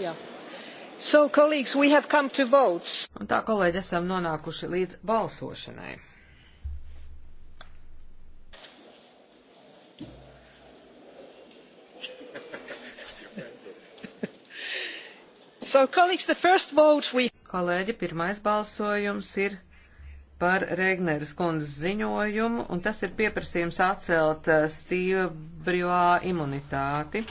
Yeah. So, colleagues, we have come to votes. Un tā, kolēģi, esam nonākuši līdz balsošanai. so, colleagues, the first vote we... Kolēģi, pirmais balsojums ir par Regneras kundzes ziņojumu, un tas ir pieprasījums atcelt eh, Stīva Brjā imunitāti.